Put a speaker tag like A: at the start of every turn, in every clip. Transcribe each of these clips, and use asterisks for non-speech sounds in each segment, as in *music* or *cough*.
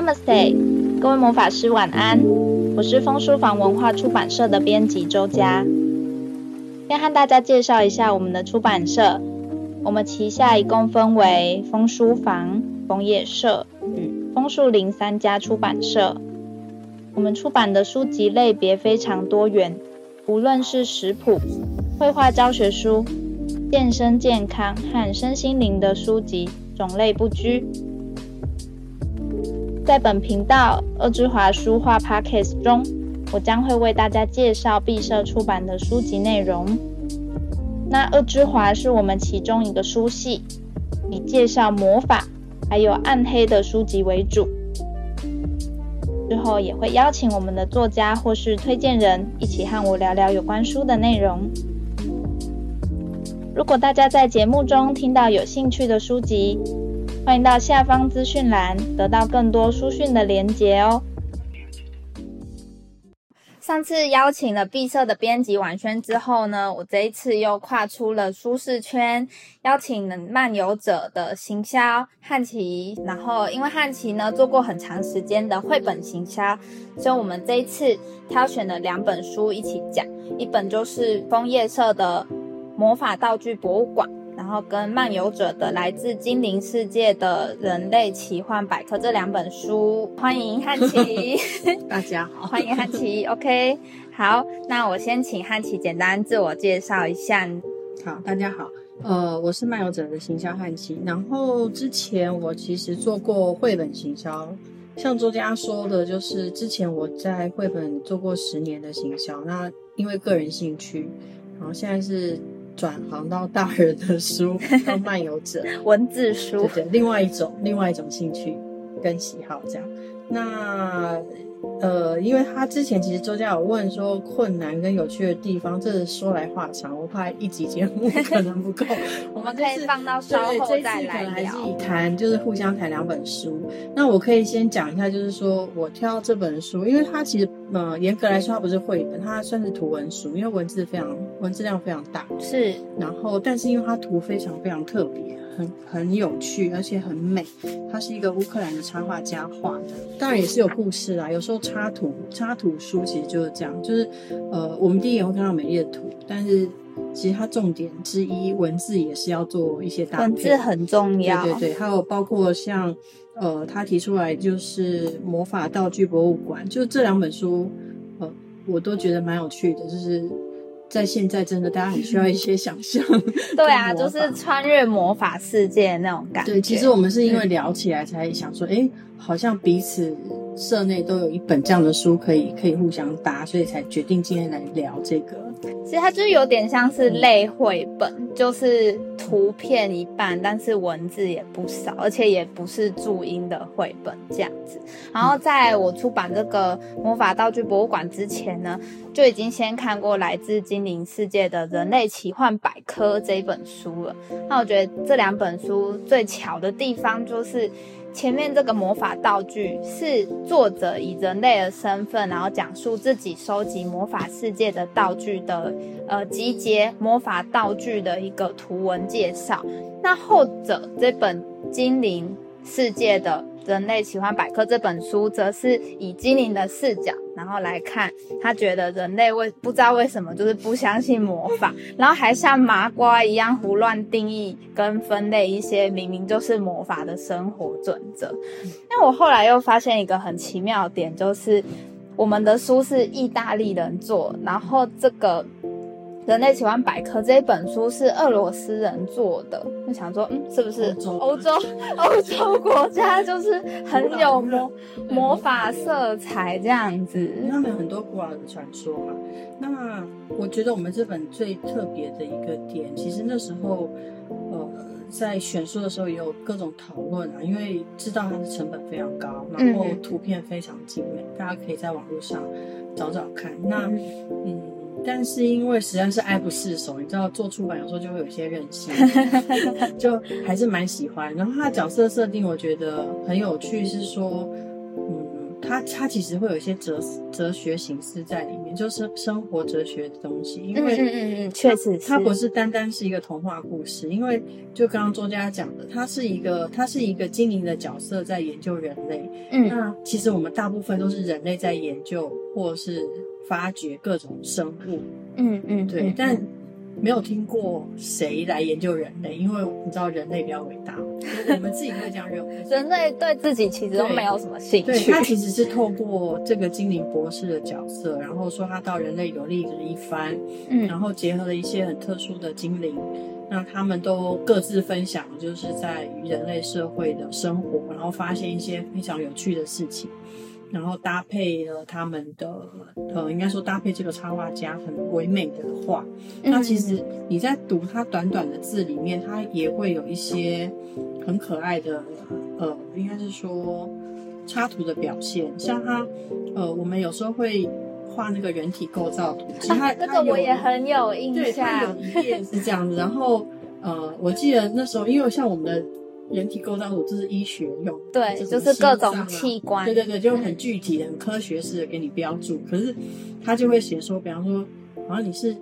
A: Namaste，各位魔法師晚安。我是楓書坊文化出版社的編輯周佳。先和大家介紹一下我們的出版社。我們旗下一共分為楓書坊、楓葉社與楓樹林三家出版社。我們出版的書籍類別非常多元，無論是食譜、繪畫教學書、健身健康和身心靈的書籍，種類不拘。在本頻道“惡之華書話 podcast 中，我將會為大家介紹敝社出版的書籍內容。那惡之華是我們其中一個書系，以介紹魔法還有暗黑的書籍為主。之後也會邀請我們的作家或是推薦人一起和我聊聊有關書的內容。如果大家在節目中聽到有興趣的書籍，歡迎到下方資訊欄得到更多書訊的連結哦。上次邀請了敝社的編輯婉瑄之後呢，我這一次又跨出了舒適圈，邀請了漫遊者的行銷漢琦。然後因為漢琦呢做過很長時間的繪本行銷，所以我們這一次挑選了兩本書一起講，一本就是楓葉社的《魔法道具博物館》。然後跟漫遊者的《來自精靈世界的人類奇幻百科》這兩本書，歡迎漢琦，呵呵大家好， *laughs* 歡迎漢琦 *laughs* ，OK，好，那我先請漢琦簡單自我介紹一下。好，大家好，
B: 呃，我是漫遊者的行銷漢琦，然後之前我其實做過繪本行銷，像周佳說的，就是之前我在繪本做過十年的行銷，那因為個人興趣，然後現在是。轉行到大人的書，到漫遊者 *laughs* 文字書，對對對，另外一種另外一種興趣跟喜好這樣。那。呃，因為他之前其實周佳有問說困難跟有趣的地方，這是說來話長，我怕一集節目可能不夠，
A: *laughs* 我們可以放到稍後再
B: 來聊。這次可能還是一談，就是互相談兩本書。嗯、那我可以先講一下，就是說我挑這本書，因為它其實呃嚴格來說它不是繪本，它算是圖文書，因為文字非常文字量非常大，是。然後但是因為它圖非常非常特別。很，很有趣，而且很美。它是一個烏克蘭的插畫家畫的，當然也是有故事啦。有時候插圖插圖書其實就是這樣，就是呃，我們第一眼會看到美麗的圖，但是其實它重點之一，文字也是要做一些搭配，文字很重要。對對對，還有包括像呃，他提出來就是魔法道具博物館，就這兩本書，呃，我都覺得蠻有趣的，就是。在現在，真的大家很需要一些想象，
A: *laughs* 對啊，就是
B: 穿越魔法世界那種感覺。對，其實我們是因為聊起來才想說，哎對。欸好像彼此社內都有一本這樣的書，可以可以互相搭，所以才決定今天來聊這個。其
A: 實它就是有點像是類繪本，嗯、就是圖片一半，但是文字也不少，而且也不是注音的繪本這樣子。然後在我出版這個魔法道具博物館之前呢，就已經先看過來自精靈世界的人類奇幻百科這一本書了。那我覺得這兩本書最巧的地方就是。前面這個魔法道具是作者以人類的身份，然後講述自己收集魔法世界的道具的，呃，集結魔法道具的一個圖文介紹。那後者這本精靈世界的。人類奇幻百科這本書則是以精靈的視角，然後來看他覺得人類為不知道為什麼，就是不相信魔法，然後還像麻瓜一樣胡亂定義跟分類一些明明就是魔法的生活準則。那我後來又發現一個很奇妙的點，就是我們的書是意大利人做，然後這個。人類奇幻百科這一本書是俄羅斯人做的，就想說，嗯，是不是歐洲，洲？歐洲國家就是很有魔法很有魔法色彩這樣子，因為他們很多古老的傳說嘛。
B: 那我覺得我們這本最特別的一個點，其實那時候，呃，在選書的時候也有各種討論啊，因為知道它的成本非常高，然後圖片非常精美，嗯、大家可以在網絡上找找看。那，嗯。但是因為實在是愛不釋手，你知道做出版有時候就會有些任性， *laughs* 就還是蠻喜歡。然後他的角色設定我覺得很有趣，是說，嗯，他他其實會有一些哲哲學形式在裡面，就是生活哲學的東西。因為嗯
A: 嗯嗯，確實是，他不是
B: 單單是一個童話故事，因為就剛剛周佳講的，他是一個他是一個精靈的角色在研究人類。嗯，那其實我們大部分都是人類在研究，或是。發掘各種生物、嗯，
A: 嗯對嗯，對，但
B: 沒有聽過誰來研究人類，嗯，因為你知道人類比較偉大，我
A: 們自己會這樣認為。 *laughs* 人類對自己其實都沒有什麼興趣。對對，他其實
B: 是透過這個精靈博士的角色，然後說他到人類遊歷了一番，嗯，然後結合了一些很特殊的精靈，嗯，那他們都各自分享，就是在人類社會的生活，然後發現一些非常有趣的事情。然後搭配了他們的，呃，應該說搭配這個插畫家很唯美的畫。嗯、那其實你在讀它短短的字裡面，它也會有一些很可愛的，呃，應該是說插圖的表現，像它，呃，我們有時候會畫那個人體構造圖，其實它這個我也很有印象，對，它有一頁是 *laughs* 這樣子，然後呃，我記得那時候因為像我們的。人體構造圖，這是醫學用，對，啊、就是各種器官，對對對，就很具體的，很科學式的給你標注。可是他就會寫說，比方說，好、啊、像你是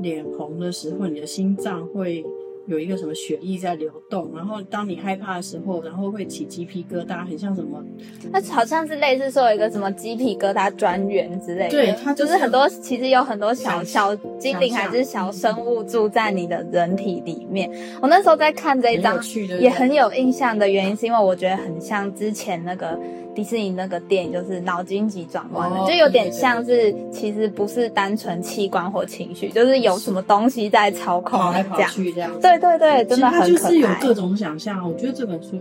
B: 臉紅的時候，你的心臟會。有一個什麼血液在流動，然後當你害怕的時候，然後會起雞皮疙瘩，很像什麼？那好
A: 像是類似說有一個什麼雞皮疙瘩專員之類的，對，就是，就是很多，其實有很多小小精靈還是小生物住在你的人體裡面。我那時候在看這一張，也很有印象的原因彩彩彩彩是因為我覺得很像之前那個。迪士尼那個電影就是腦筋急轉彎的，哦、就有點像是對對對，其實不是單純器官或情緒，就是有什麼東西在操控，是樣跑來跑去這樣。對對對，真的很可愛。其實它就是有各
B: 種想象。我覺得這本書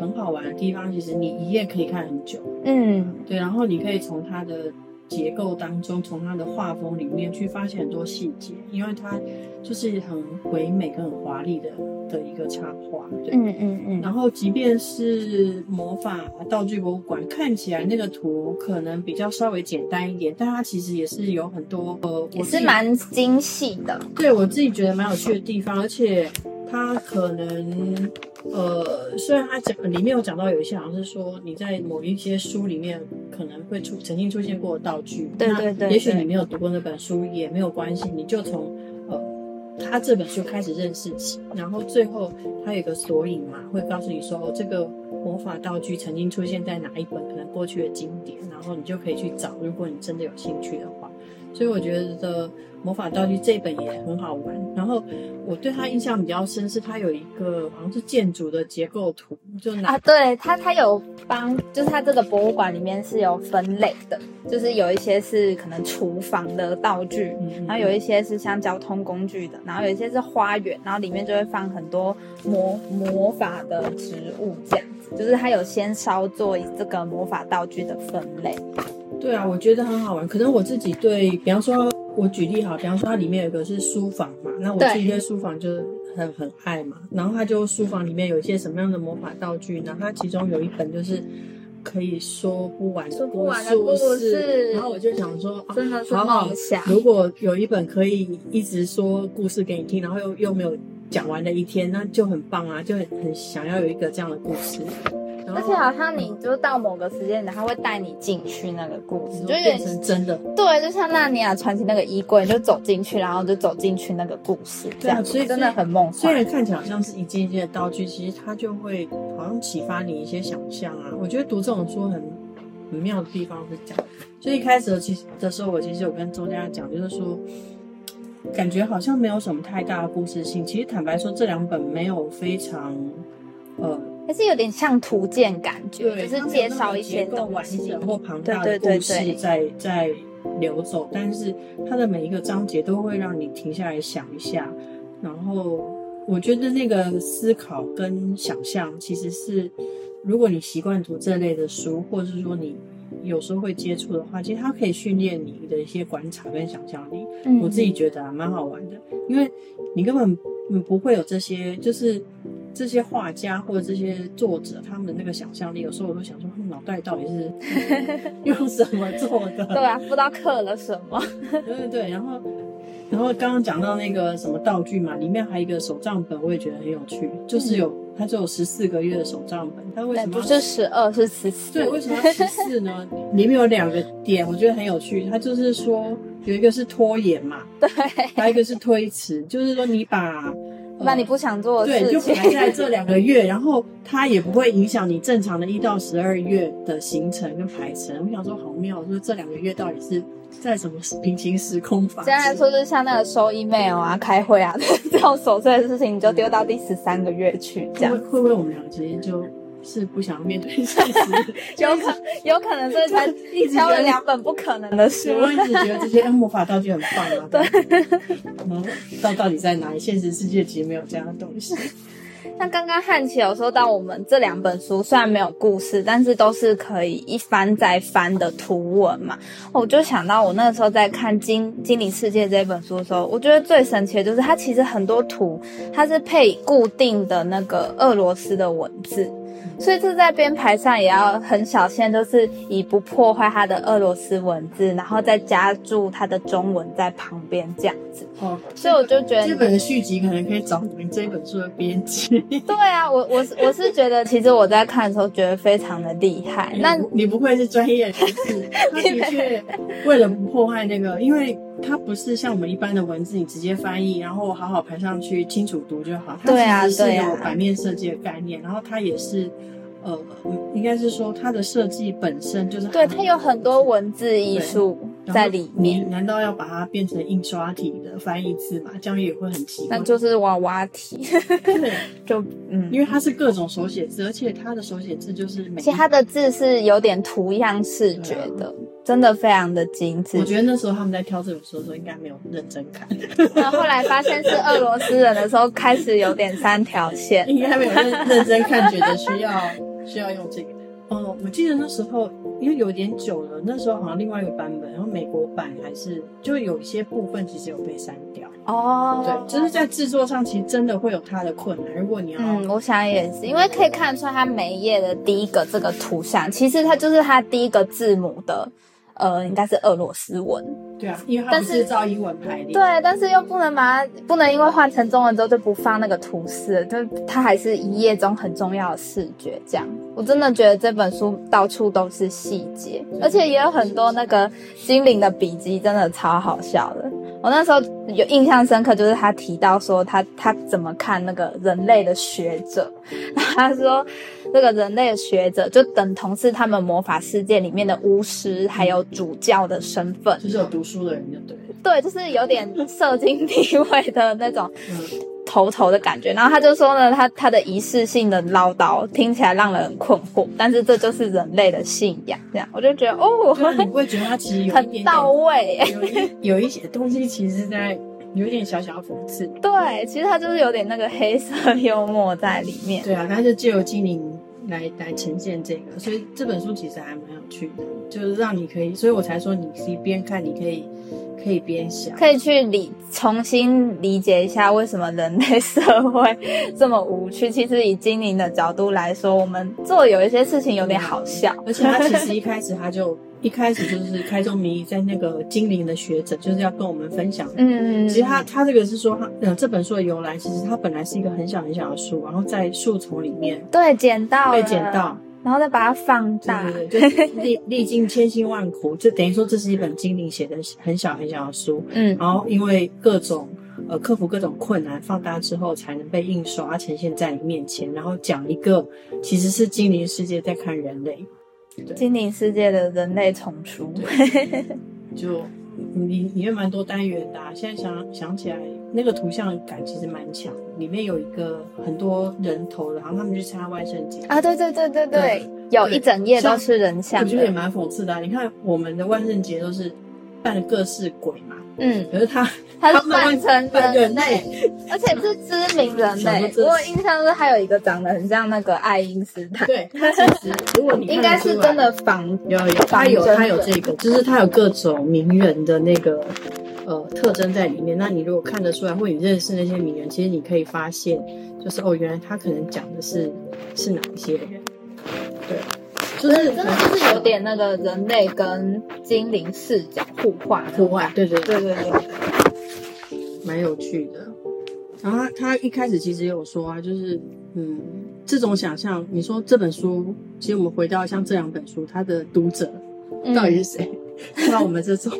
B: 很好玩的地方，其實你一頁可以看很久。嗯，對，然後你可以從它的。結構當中，從他的畫風裡面去發現很多細節，因為他就是很唯美跟很華麗的的一個插畫，對。
A: 嗯嗯嗯。嗯嗯，
B: 然後，即便是魔法道具博物館，看起來那個圖可能比較稍微簡單一點，但它其實也是有很多呃，我也是蠻
A: 精細的。
B: 對，我自己覺得蠻有趣的地方，而且，他可能，呃，雖然他講裡面有講到有一些好像是說，你在某一些書裡面可能會出曾經出現過的道具，對對對，也許你沒有讀過那本書也沒有關係。嗯、你就從呃他這本書開始認識起，然後最後他有個索引嘛，會告訴你說哦，這個魔法道具曾經出現在哪一本可能過去的經典，然後你就可以去找，如果你真的有興趣的話。所以我覺得《魔法道具》這本也很好玩。然後我對他印象比較深是，它，有一個好像是建築的結構圖，就拿啊，對，對
A: 它它有幫，就是它這個博物館裡面是有分類的，就是有一些是可能廚房的道具，然後有一些是像交通工具的，然後有一些是花園，然後裡面就會放很多魔魔法的植物這樣子，就是他有先稍作這個魔法道具的分類。
B: 對啊，我覺得很好玩。可能我自己對，比方說，我舉例好，比方說它裡面有一個是書房嘛，那我自己在書房，就很很愛嘛。對然後它就書房裡面有一些什麼樣的魔法道具呢？然後它其中有一本就是可以說不完的、不完的故事，故事，然後我就想說，真的好棒，啊！如果有一本可以一直說故事給你聽，然後又又沒有講完的一天，那就很棒啊，就很很想要有一個這樣的故事。
A: 而且好像你就是到某個時間，然後會帶你進去那個故事，就變成真的。對，就像《納尼亞傳奇》那個衣櫃，你就走進去，然後就走進去那個故事，這樣對啊。所以，所以真的很夢幻。雖然看起
B: 來好像是一件一件的道具，其實它就會好像啟發你一些想象啊。我覺得讀這種書很很妙的地方是講。所以一開始的其實的時候，我其實有跟周佳講，就是說，感覺好像沒有什麼太大的故事性。其實坦白說，這兩本沒有非常，呃。
A: 還是有點像圖鑑感覺，嗯、就是介紹一些的玩具或龐大的故事對對
B: 對，在在流走，但是它的每一個章節都會讓你停下來想一下。然後我覺得那個思考跟想象其實是，如果你習慣讀這類的書，或者是說你有時候會接觸的話，其實它可以訓練你的一些觀察跟想象力。我自己覺得蠻好玩的，嗯、哼因為你根本你不會有這些，就是。這些畫家或者這些作者，他們的那個想象力，有時候我都想說，他們腦袋到底是用什麼做的？ *laughs* 對啊，
A: 不知道刻了什麼。 *laughs* 對對對，然後，
B: 然後剛剛講到那個什麼道具嘛，裡面還有一個手賬本，我也覺得很有趣。就是有，嗯、它只有十四個月的手賬本，它為什麼不是十
A: 二，是十四？對，為什麼要十
B: 四呢？裡面有兩個點，我覺得很有趣。它就是說有一個是拖延嘛，
A: 對，還有一個是推
B: 遲，就是說你把。
A: 那、哦、你不想做的事情對，就排在這兩
B: 個月， *laughs* 然後它也不會影響你正常的一到十二月的行程跟排程。我想說好妙，說、就是、這兩個月到底是在什麼平行時空發生？現在來說
A: 就是像那個收 email 啊、對開會啊 *laughs* 這種瑣碎的事情，你就丟到第十三個月去。這樣會、
B: 會不會我們倆今天就。是
A: 不想要面對現實， *laughs* 有可、就是、有可能是他一直覺得兩本不可能的書。我一直覺
B: 得這些魔法道具很棒啊，對，嗯，後到到底在哪裡？現實世界其實沒有這
A: 樣的東西。 *laughs* 那剛剛漢琦有說到，我們這兩本書雖然沒有故事，但是都是可以一翻再翻的圖文嘛。我就想到我那個時候在看《精精靈世界》這一本書的時候，我覺得最神奇的就是它其實很多圖，它是配固定的那個俄羅斯的文字。所以這在編排上也要很小心，就是以不破壞它的俄羅斯文字，然後再加注它的中文在旁邊這樣子。哦，所以我就覺得，這本的
B: 續集可能可以找您這本書的編輯。
A: 對啊，我我是我是覺得，其實我在看的時候覺得非常的厲害。不那，你不愧是專業人士？ *laughs* 你去為了不破壞那個，因為。
B: 它不是像我們一般的文字，你直接翻譯，然後好好排上去，清楚讀就好。對啊，它其實是有版面設計的概念，對啊、然後它也是呃，應該是說它的設計本身就是對，有對它有很多文字藝術對在裡面。難道要把它變成印刷體的翻譯字嗎？這樣也會很奇怪。那就
A: 是娃娃體，
B: *laughs* 對就嗯，因為它是各種手寫字，而且它的手寫字就是。其實它的
A: 字是有點圖樣視覺的。真的非常的精緻。我覺得那時候他們在挑這本書的時候，應該沒有認真看。然後、 *laughs* 啊、後來發現是俄羅斯人的時候，開始有點三條線， *laughs* 應該沒有認認真看， *laughs* 覺得需要
B: 需要用這個。哦、呃，我記得那時候因為有點久了，那時候好像另外一個版本，然後美國版還是就有一些部分其實有被刪
A: 掉。哦，對，就是
B: 在製作上其實真的會有它的困難。如
A: 果你要，嗯，我想也是，嗯、因為可以看得出來，它每一頁的第一個這個圖像，其實它就是它第一個字母的。呃，應該是俄羅斯文，對啊，因為它是照英文排列，對，但是又不能把它，不能因為換成中文之後就不放那個圖示，就它還是一頁中很重要的視覺這樣。我真的覺得這本書到處都是細節，以而且也有很多那個精靈的筆記，真的超好笑的。 *music* 我那時候有印象深刻，就是他提到說他他怎麼看那個人類的學者， *laughs* 他說。這個人類學者就等同是他們魔法世界裡面的巫師，還有主教的身份、嗯，就是有讀書的人，就對，對，就是有點社經地位的那種、嗯、頭頭的感覺。然後他就說呢，他他的儀式性的嘮叨聽起來讓人很困惑，但是這就是人類的信仰。這樣我就覺得哦，你會覺得他其實有點點很到位、欸有，有一
B: 些東西其實在有一點小小諷
A: 刺。對，對其實他就是有點那個黑色幽默在裡面。對啊，他是就由精靈，來來呈現這個，所以這本書
B: 其實還蠻有趣的，就是讓你可以，所以我才說你一邊看，你可以可以邊
A: 想，可以去理，重新理解一下為什麼人類社會這麼無趣。其實以精靈的角度來說，我們做有一些事情有點好笑。嗯，而且他其實一
B: 開始他就。 *laughs* 一開始就是開宗明義，在那個精靈的學者，就是要跟我們分享的。嗯嗯嗯。其實他他這個是說他，他呃這本書的由來，其實它本來是一個很小很小的書，然後在樹叢裡面，
A: 對，撿到，被撿到，然後再把它放大，對對對、就是
B: 歷、歷經千辛萬苦， *laughs* 就等於說這是一本精靈寫的很小很小的書，嗯，然後因為各種呃克服各種困難，放大之後才能被印刷、呃、呈現在,在你面前，然後講一個其實是精靈世界在看人類。
A: 對精靈世界的人類叢書，就你裡面蠻
B: 多單元的。啊。現在想想起來，那個圖像感其實蠻強，裡面有一個很多人頭的，然後他們去參加萬聖節
A: 啊，對對對對對，對對，有一整頁都是人像的，我覺得也
B: 蠻諷刺的。啊。你看我們的萬聖節都是扮了各式鬼嘛。嗯，可是他，他是扮成人
A: 類，而且是知名人類、欸。嗯、我的印象是他有一個長得很像那個愛因斯坦。對，其實如果你應該是真的仿，有防有，有，他有他有這個，就
B: 是他有各種名人的那個呃特徵在裡面。那你如果看得出來，或你認識那些名人，其實你可以發現，就是哦，原來他可能講的是是哪一些人，對。
A: 就是真就、嗯嗯、是有點那個人類跟精靈視角互換，互換，對對對對，對對，
B: 蠻有趣的。然後他他一開始其實也有說啊，就是嗯，這種想象，你說這本書其實我們回到像這兩本書，它的讀者、嗯、到底是誰？像我們這種，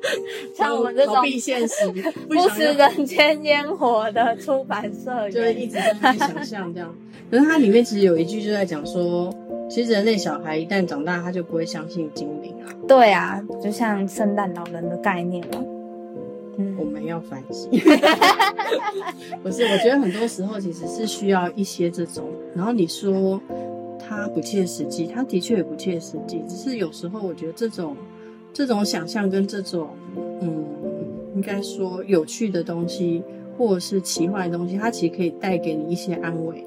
B: *laughs*
A: 像我們這種 *laughs* 逃避現實、不食人間煙火的出版社，就是一直跟他想象
B: 這樣。 *laughs* 可是它裡面其實有一句就在講說。其實人類小孩一旦長大，他就不會相信精靈
A: 了。對啊，就像聖誕老人的概念了。
B: 嗯，我們要反省。不是，我覺得很多時候其實是需要一些這種。然後你說他不切實際，他的確也不切實際。只是有時候我覺得這種這種想象跟這種嗯，應該說有趣的東西，或者是奇幻的東西，它其實可以帶給你一些安慰。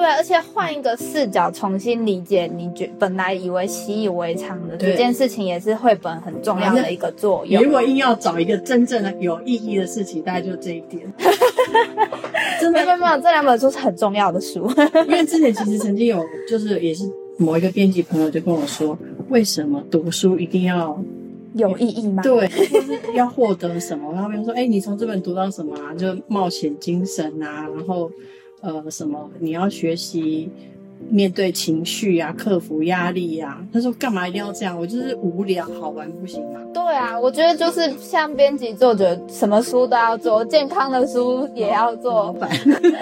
A: 對、啊，而且換一個視角重新理解，你覺本來以為習以為常的這件事情，也是繪本很重要的一個作用。如
B: 果硬要找一個真正的有意義的事情，嗯、大概就這一點。
A: *laughs* 真的 *laughs* 沒有，沒有，這兩本書是很
B: 重要的書。因為之前其實曾經有，就是也是某一個編輯朋友就跟我說， *laughs* 為什麼讀書一定要有意義嗎？對， *laughs* 要獲得什麼？然後別人說，哎，你從這本讀到什麼啊？就冒險精神啊，然後。呃，什麼？你要學習面對情緒呀、啊，克服壓力呀、啊？他說幹嘛一定要這樣？我就是無聊，好玩不行嗎、啊？
A: 對啊，我覺得就是像編輯做，我覺得什麼書都要做，健康的書也要做。哦、老板，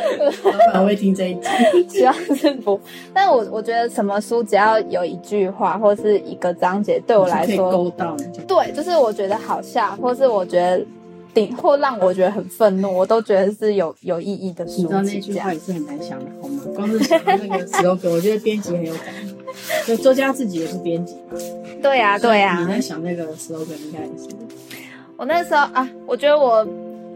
B: *laughs* 老板會聽這一集， *laughs* 希望
A: 是不，但我我覺得什麼書只要有一句話或是一個章節，對我來說，勾當，對，就是我覺得好笑，或是我覺得。頂，或讓我覺得很憤怒，我都覺得是有有意義的書。你知道那句話也是很難想的，好嗎？光是想那個 slogan， *laughs* 我覺得編輯很有感覺，就作家自己也是編輯嗎？對呀，對呀。你在
B: 想那個 slogan，
A: 應該也是。對啊對啊。我那時候啊，我覺得我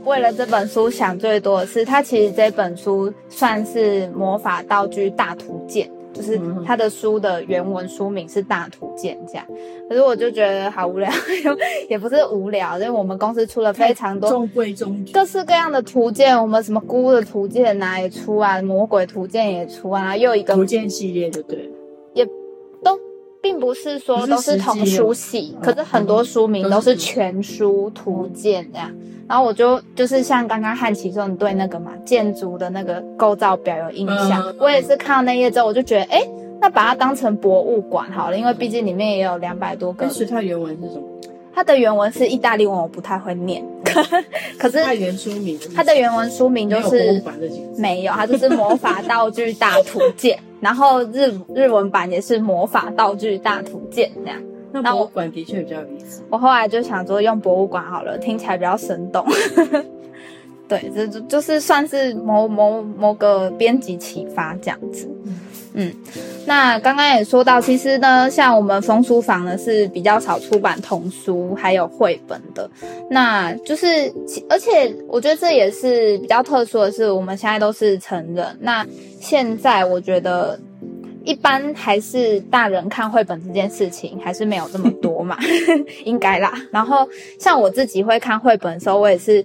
A: 為了這本書想最多的是，他其實這本書算是魔法道具大圖鑑。就是他的書的原文書名是《大圖鑑》這樣，可是我就覺得好無聊，也也不是無聊，因為我們公司出了非常多中規中矩、各式各樣的圖鑑，我們什麼菇的圖鑑哪、啊、也出啊，魔鬼圖鑑也出啊，又一個圖鑑系列就對了。並不是說都是同書系，是可是很多書名都是全書圖鑑這樣。嗯、然後我就就是像剛剛漢琦說你對那個嘛建築的那個構造表有印象，嗯嗯嗯、我也是看到那頁之後，我就覺得哎，那把它當成博物館好了，嗯、因為畢竟裡面也有兩百多個。但是它原文是什麼？它的原文是意大利文，我不太會念。可是它的原文書名就是沒有，它就是《魔法道具大圖鑑》。然後日日文版也是《魔法道具大圖鑑》這樣。那博物館的確比較有意思。我後來就想說用博物館好了，聽起來比較生動。對，這這就是算是某某某個編輯啟發這樣子。嗯，那剛剛也說到，其實呢，像我們楓書坊呢，是比較少出版童書還有繪本的，那就是，而且我覺得這也是比較特殊的是，我們現在都是成人，那現在我覺得一般還是大人看繪本這件事情還是沒有這麼多嘛， *laughs* *laughs* 應該啦。然後像我自己會看繪本的時候，我也是，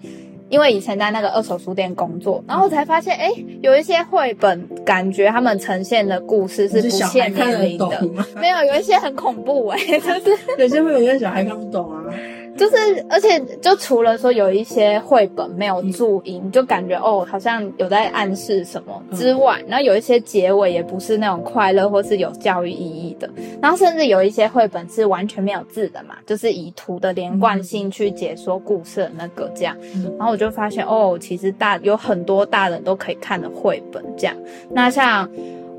A: 因為以前在那個二手書店工作，然後才發現，哎、欸，有一些繪本，感覺他們呈現的故事是不限年齡的，沒有，有一些很恐怖、欸，哎，就是 *laughs* 有些會有些小孩看不懂啊。就是，而且就除了說有一些繪本沒有注音，就感覺哦，好像有在暗示什麼之外，然後有一些結尾也不是那種快樂或是有教育意義的，然後甚至有一些繪本是完全沒有字的嘛，就是以圖的連貫性去解說故事的那個這樣，然後我就發現哦，其實大有很多大人都可以看的繪本這樣，那像。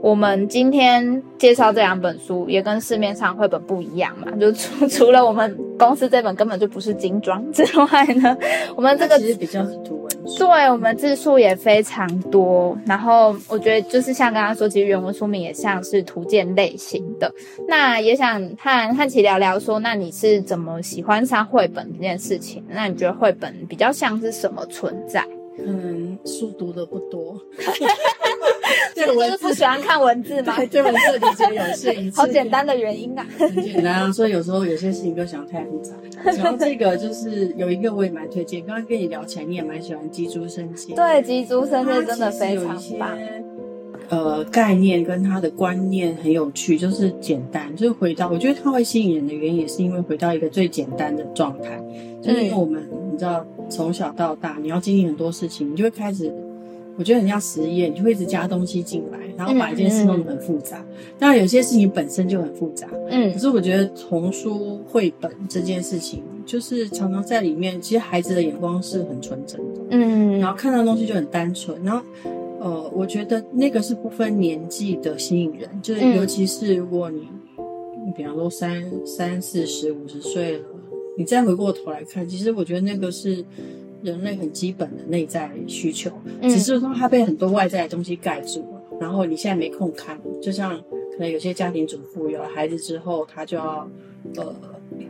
A: 我們今天介紹這兩本書，也跟市面上繪本不一樣嘛，就除除了我們公司這本根本就不是精裝之外呢，我們這個其實比較是圖文，對我們字數也非常多。然後我覺得就是像剛剛說，其實原文書名也像是圖鑑類型的。那也想和漢琦聊聊說，說那你是怎麼喜歡上繪本這件事情？那你覺得繪本比較像是什麼存在？可能書讀的不多 *laughs* 對文字， *laughs* 就是不喜歡看文字嘛。這文字理解有是一次，好簡單的原因啊。很簡單
B: 啊，所以有時候有些事情不要想太複雜。然後這個就是有一個我也蠻推薦，剛剛跟你聊起來，你也蠻喜歡《雞豬生級》。對，《雞豬生，級》真的非常棒。有呃，概念跟他的觀念很有趣，就是簡單，就是回到，我覺得他會吸引人的原因，也是因為回到一個最簡單的狀態，就是因為我們是你知道。從小到大，你要經歷很多事情，你就會開始，我覺得很像實驗，你就會一直加東西進來，然後把一件事弄得很複雜。但、嗯嗯嗯嗯、有些事情本身就很複雜，嗯。可是我覺得童書繪本這件事情，就是常常在裡面，其實孩子的眼光是很純真的，嗯，嗯，嗯。然後看到的東西就很單純，然後，呃，我覺得那個是不分年紀的吸引人，就是尤其是如果你，嗯、你比方說三三四十五十歲了。你再回過頭來看，其實我覺得那個是人類很基本的內在需求，只是說他被很多外在的東西蓋住了。嗯、然後你現在沒空看，就像可能有些家庭主婦有了孩子之後，他就要呃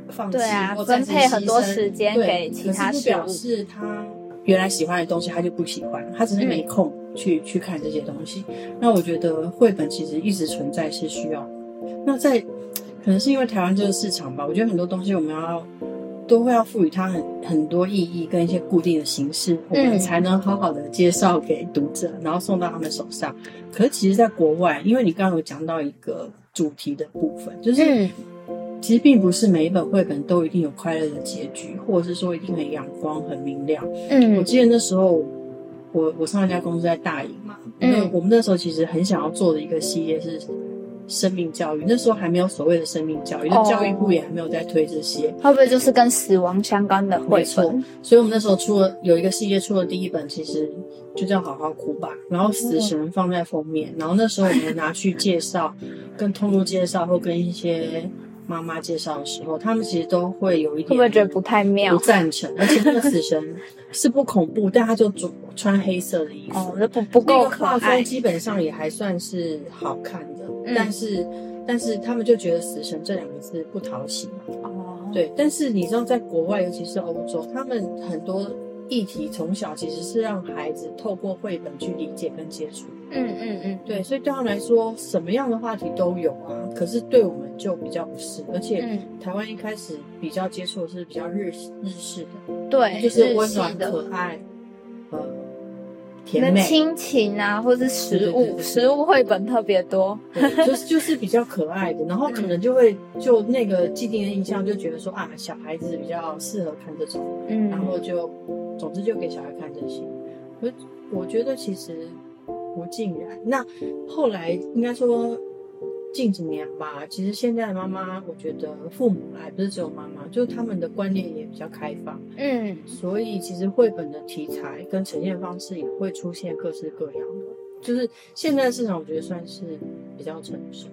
B: 放棄，對啊，或暫時犧牲，分配很多時間給其他事情，對。他就表示他原來喜歡的東西他就不喜歡，他只是沒空去，嗯，去看這些東西。那我覺得繪本其實一直存在是需要的。那在可能是因為台灣這個市場吧，我覺得很多東西我們要，都會要賦予它很很多意義跟一些固定的形式，我們、嗯、才能好好的介紹給讀者，嗯、然後送到他們手上。可是其實，在國外，因為你剛剛有講到一個主題的部分，就是、嗯、其實並不是每一本繪本都一定有快樂的結局，或者是說一定很陽光、很明亮。嗯，我記得那時候，我我上一家公司在大營嘛，嗯、我們那時候其實很想要做的一個系列是。生命教育，那時候還沒有所謂的生命教育，哦、教育部也還沒有在推這些。
A: 會不會就是跟死亡相關的繪本？沒錯，
B: 所以我們那時候出了有一個系列，出了第一本，其實就叫好好哭吧。然後死神放在封面，嗯、然後那時候我們拿去介紹， *laughs* 跟通路介紹或跟一些媽媽介紹的時候，他們其實都會有一點，會不會
A: 覺得不太妙，不
B: 贊成。而且那個死神是不恐怖， *laughs* 但他就主穿黑色的衣服，哦，那不不夠可愛。那畫風基本上也還算是好看的。但是，嗯、但是他們就覺得“死神”這兩個字不討喜，哦，對。但是你知道，在國外，嗯、尤其是歐洲，他們很多議題從小其實是讓孩子透過繪本去理解跟接觸，嗯。嗯嗯嗯，對。所以對他們來說，什麼樣的話題都有啊。可是對我們就比較不是，而且台灣一開始比較接觸的是比較日日式的，嗯、
A: 對，就是溫暖可愛。那親情啊，或是食物，對對對對，食物繪本特別多，
B: 就是就是比較可愛的，然後可能就會就那個既定的印象，就覺得說、嗯、啊，小孩子比較適合看這種，嗯，然後就總之就給小孩看這些。我我覺得其實不盡然，那後來應該說。近幾年吧，其實現在的媽媽，我覺得父母還不是只有媽媽，就他們的觀念也比較開放，嗯，所以其實繪本的題材跟呈現方式也會出現各式各樣的，就是現在市場我覺得算是比較成熟。